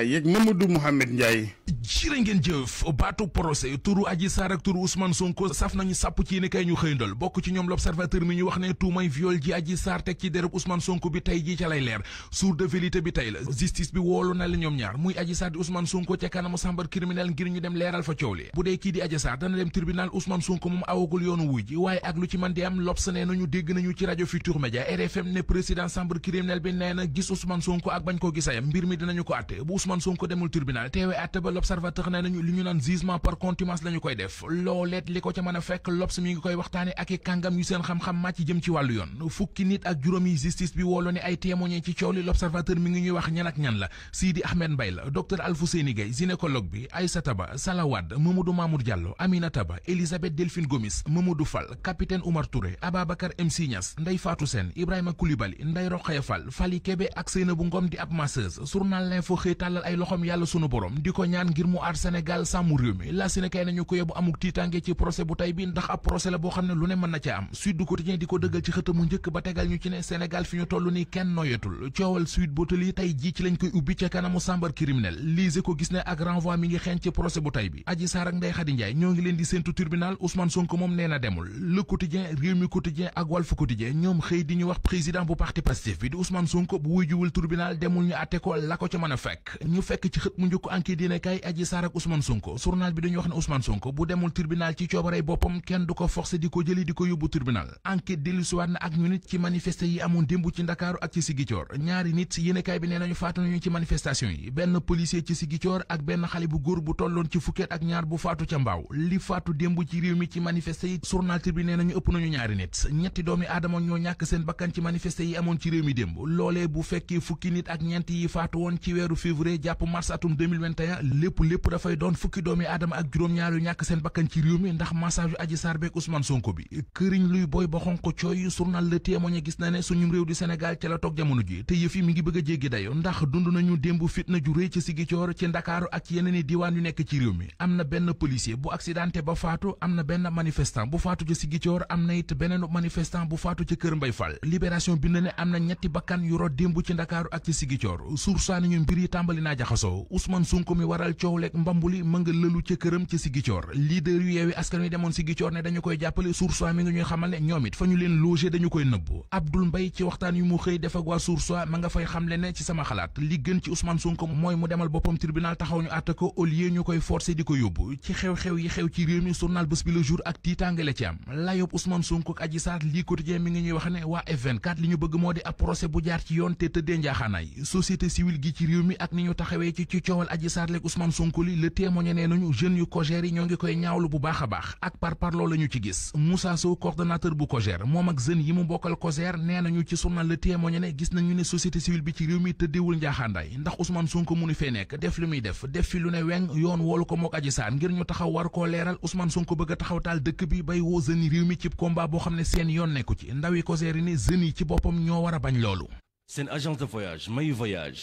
yéeg Mamadou Mouhamed Ndiaye jërë ngeen jëf baatu procès turu Adji Sarr ak turu Ousmane Sonko saf nañu sàpp ci yéen kay ñu xëyndal bokk ci ñoom l'observateur mi ñu wax ne tuumay viol ji Adji Sarr teg ci bi tey ji ca lay leer sour de vérité bi tey bi woolu na la ñoom ñaar muy Adji Sarr di Ousmane Sonko ca kanamu chambre criminelle ngir ñu dem leeral fa coow li bu dee kii di Adji Sarr dana dem tribunal Ousmane Sonko moom awagul yoonu wuy ji waaye ak lu ci man di am L'Obs nee nañu dégg nañu ci rajo Futur Média RFM ne président chambre criminelle bi nee na gis Ousmane Sonko ak bañ ko gisayam mbir mi dinañu ko àtte Ousmane Sonko demul tribunal teewe àtte ba l'observateur nee nañu li ñu naan jugement par contumace la ñu koy def looleet li ko ca mën a fekk l'Obs mi ngi koy waxtaane ak i kàngam yu seen xam-xam màcc jëm ci wàllu yoon fukki nit ak juróom yi justice bi woolo ne ay témoigné ci coow li l'observateur mi ngi ñuy wax ñan ak ñan la Sidi Ahmed Mbaye la docteur Alfousseni Gaye gynécologue bi Aïssata Ba Salawad Mamadou Mamour Diallo Aminata Ba Elisabeth Gomis Mamadou Fall capitaine Oumar Touré Ababacar MC tàllal ay loxoom yàlla sunu borom di ko ñaan ngir mu aar Sénégal sàmm réew mi la sine kay nañu ko yóbbu amuk tiitange ci procès bu tay bi ndax ab procès la boo xam ne lu ne mën na ca am Sud du Quotidien di ko dëggal ci xëtamu njëkk ba tegal ñu ci ne Sénégal fi ñu toll nii kenn noyetul coowal Sweet Beauté yi tey ji ci lañ koy ubbi ca kanamu chambre criminelle lise ko gis ne ak renvoi mi ngi xeeñ ci procès bu tay bi Adji Sarr ak Ndeye Khady Ndiaye ñoo ngi leen di séntu tribunal Ousmane Sonko moom nee na demul Le Quotidien Rewmi Quotidien ak Walf Quotidien ñoom xëy di ñu wax président bu parti Pastef bi di Ousmane Sonko bu demul ñu àtte la ko ca mën a fekk ñu fekk ci xët mu njëkk enquête dina kay Adji Sarr ak Ousmane Sonko journal bi dañu wax ne Ousmane Sonko bu demul tribunal ci coobarey boppam kenn du ko forcé di ko jëli di ko yóbbu tribunal enquête dellusiwaat na ak ñu nit ci manifester yi amoon démb ci Ndakaaru ak ci Sigicoor ñaari nit yéene kaay bi nee nañu faatu nañu ci manifestation yi benn policier ci Sigicoor ak benn xale bu góor bu tolloon ci fukket ak ñaar bu faatu ca mbaaw li faatu démb ci réew mi ci manifester yi journal tribune nee ëpp nañu ñaari nit ñetti doomi aadama ñoo ñàkk seen bakkan ci manifester ci réew mi démb loolee bu fekkee nit ak ñeent yi faatu woon ci weeru février février jàpp mars atum 2021 lépp lépp dafay doon fukki doomi aadama ak juróom-ñaar yu ñàkk seen bakkan ci réew mi ndax massage Adji Sarr beeg Ousmane bi këriñ luy booy ba xonko cooy journal Le Témoin gis na ne suñu réew di Sénégal ca la toog jamono ji te yëf yi mi ngi bëgg a jéggi dayo ndax dund nañu démb fitna ju rëy ci Sigicoor ci Ndakaaru ak yeneen i diiwaan yu nekk ci réew mi am na benn policier bu accidenté ba faatu am na benn manifestant bu faatu ci Sigicoor am na it beneen manifestant bu faatu ci Kër Mbay Fall Libération bind ne am na ñetti bakkan yu rot démb ci Ndakaaru ak ci Sigicoor naa jaxasoo Ousmane Sonko mi waral coow leeg mbambuli ma nga lëlu ca këram ca Sigicoor leader yu yeewi askan wi demoon Sigicoor ne dañu koy jàppale Source A mi ngi ñuy xamal ne ñoom fa ñu leen logé dañu koy nëbb Abdoul Mbaye ci waxtaan yu mu xëy def ak waa ma nga fay xamle ne ci sama xalaat li gën ci Ousmane Sonko mooy mu demal boppam tribunal taxaw ñu àtte ko ñu koy forcé di ko yóbbu ci xew-xew yi xew ci réew mi journal bés bi la ci ñu taxawee ci ci coowal Adji Sarr leeg Ousmane li le témoigné nee nañu jeunes yu COJER yi ñoo ngi koy ñaawlu bu baax a baax ak par parloo la ñu ci gis Moussa Sow coordonnateur bu COJER moom ak jeunes yi mu bokkal COJER nee nañu ci journal le témoigné ne gis nañu ne société civile bi ci réew mi tëddeewul njaaxaandaay ndax Ousmane Sonko munu fee nekk def lu muy def def fi lu ne weng yoon woolu ko mook Adji Sarr ngir ñu taxaw war koo leeral Ousmane Sonko bëgg a taal dëkk bi bay woo jeunes yi réew mi ci combat boo ne seen yoon nekku ci ndawi COJER yi ne jeunes yi ci boppam a bañ loolu seen agence de voyage voyage